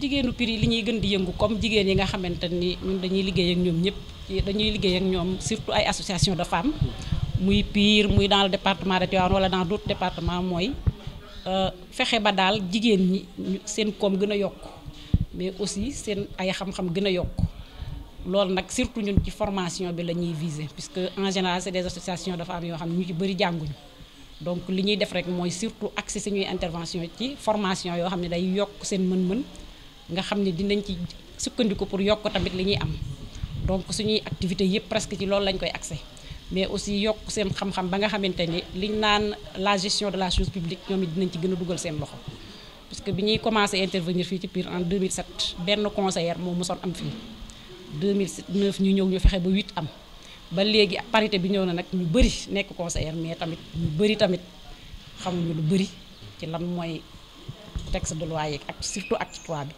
jigéenu prix li ñuy gën di yëngu comme jigéen yi nga xamante ni ñun dañuy liggéey ak ñoom ñëpp dañuy liggéey ak ñoom surtout ay association de femmes muy Pire muy daal le département de Tivaouane wala dans d'autres départements mooy euh, fexe ba daal jigéen ñi seen koom gën a yokk mais aussi seen ay xam-xam gën a yokk loolu nag surtout ñun ci formation bi la ñuy viser puisque en général c'est des associations de femmes yoo xam ne ñu ci bëri jànguñu donc li ñuy def rek mooy surtout axé suñuy intervention ci formation yoo xam ne day yokk seen mën-mën nga xam ne dinañ ci sukkandiku pour yokk tamit li ñuy am donc suñuy activité yëpp presque ci loolu lañ koy accès mais aussi yokk seen xam-xam ba nga xamante ni liñ naan la gestion de la chose publique ñoom it dinañ ci gën a dugal seen loxo parce que bi ñuy commencé intervenir fii ci Pire en 2007 benn conseillère moo mosoon am fii 2009 ñu ñëw ñu fexe ba 8 am ba léegi parité bi ñëw na nag ñu bëri nekk conseillère mais tamit bëri tamit xamuñu lu bëri ci lan mooy texte de loi yeeg ak surtout ak trois bi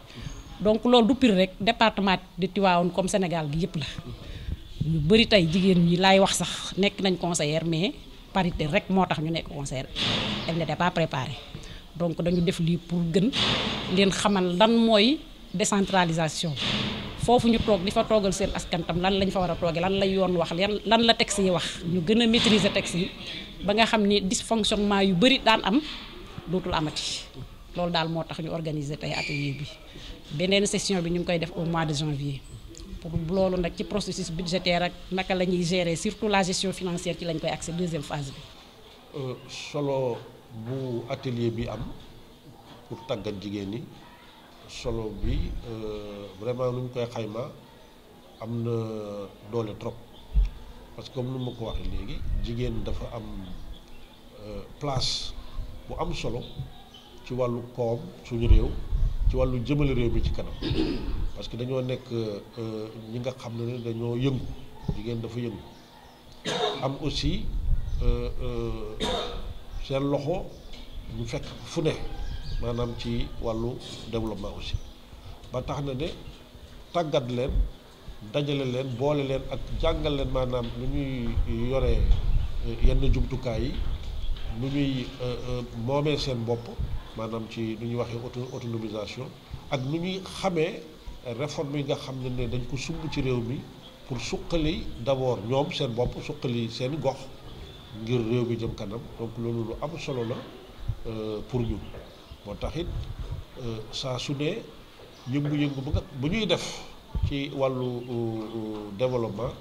donc loolu du Pire rek département de Tivaouane comme Sénégal gi yëpp la ñu bëri tey jigéen ñi laay wax sax nekk nañ conseillère mais parité rek moo tax ñu nekk conseillère elle n'était pas préparée donc dañu def lii pour gën leen xamal lan mooy décentralisation foofu ñu toog di fa toogal seen askan tam lan lañ fa war a toogee lan la yoon wax lan lan la texte yi wax ñu gën a maîtriser texte yi ba nga xam ni dysfonctionnement yu bëri daan am dootul amati. loolu daal moo tax ñu organiser tey atelier bi beneen session bi ñu ngi koy def au mois de janvier pour loolu nag ci processus budgétaire ak naka la ñuy gérer surtout la gestion financière ci lañ koy accès deuxième phase bi. Euh, solo bu atelier bi am pour tàggat jigéen ñi solo bi euh, vraiment lu ñu koy xayma am na doole trop parce que comme nu ma ko waxee léegi jigéen dafa am euh, place bu am solo. ci wàllu koom suñu réew ci wàllu jëmale réew bi ci kanam parce que dañoo nekk euh, ñi nga xam ne dañoo yëngu jigéen dafa yëngu am aussi euh, euh, seen loxo ñu fekk fu ne maanaam ci wàllu développement aussi ba tax na ne tàggat leen dajale leen boole leen ak jàngal leen maanaam nu ñuy yore yenn jumtukaay yi nu ñuy moomee seen bopp maanaam ci nu ñuy waxee auto autonomisation ak nu ñuy xamee réforme yi nga xam ne ne dañ ko sumb ci réew mi pour suqali d'abord ñoom seen bopp suqali seen gox ngir réew mi jëm kanam donc loolu lu am solo la euh, pour ñu moo tax it euh, saa su ne yëngu-yëngu bu nga bu ñuy def ci wàllu euh, développement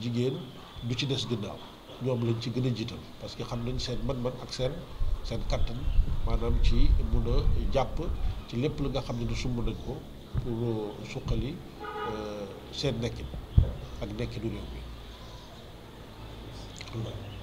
jigéen du ci des gannaaw ñoom lañ ci gën a jiitam parce que xam nañ seen mën-mën ak seen seen kattan maanaam ci mun a jàpp ci lépp lu nga xam ne du sumb nañ ko pour euh, suqali euh, seen nekkin ak nekkinu réew mi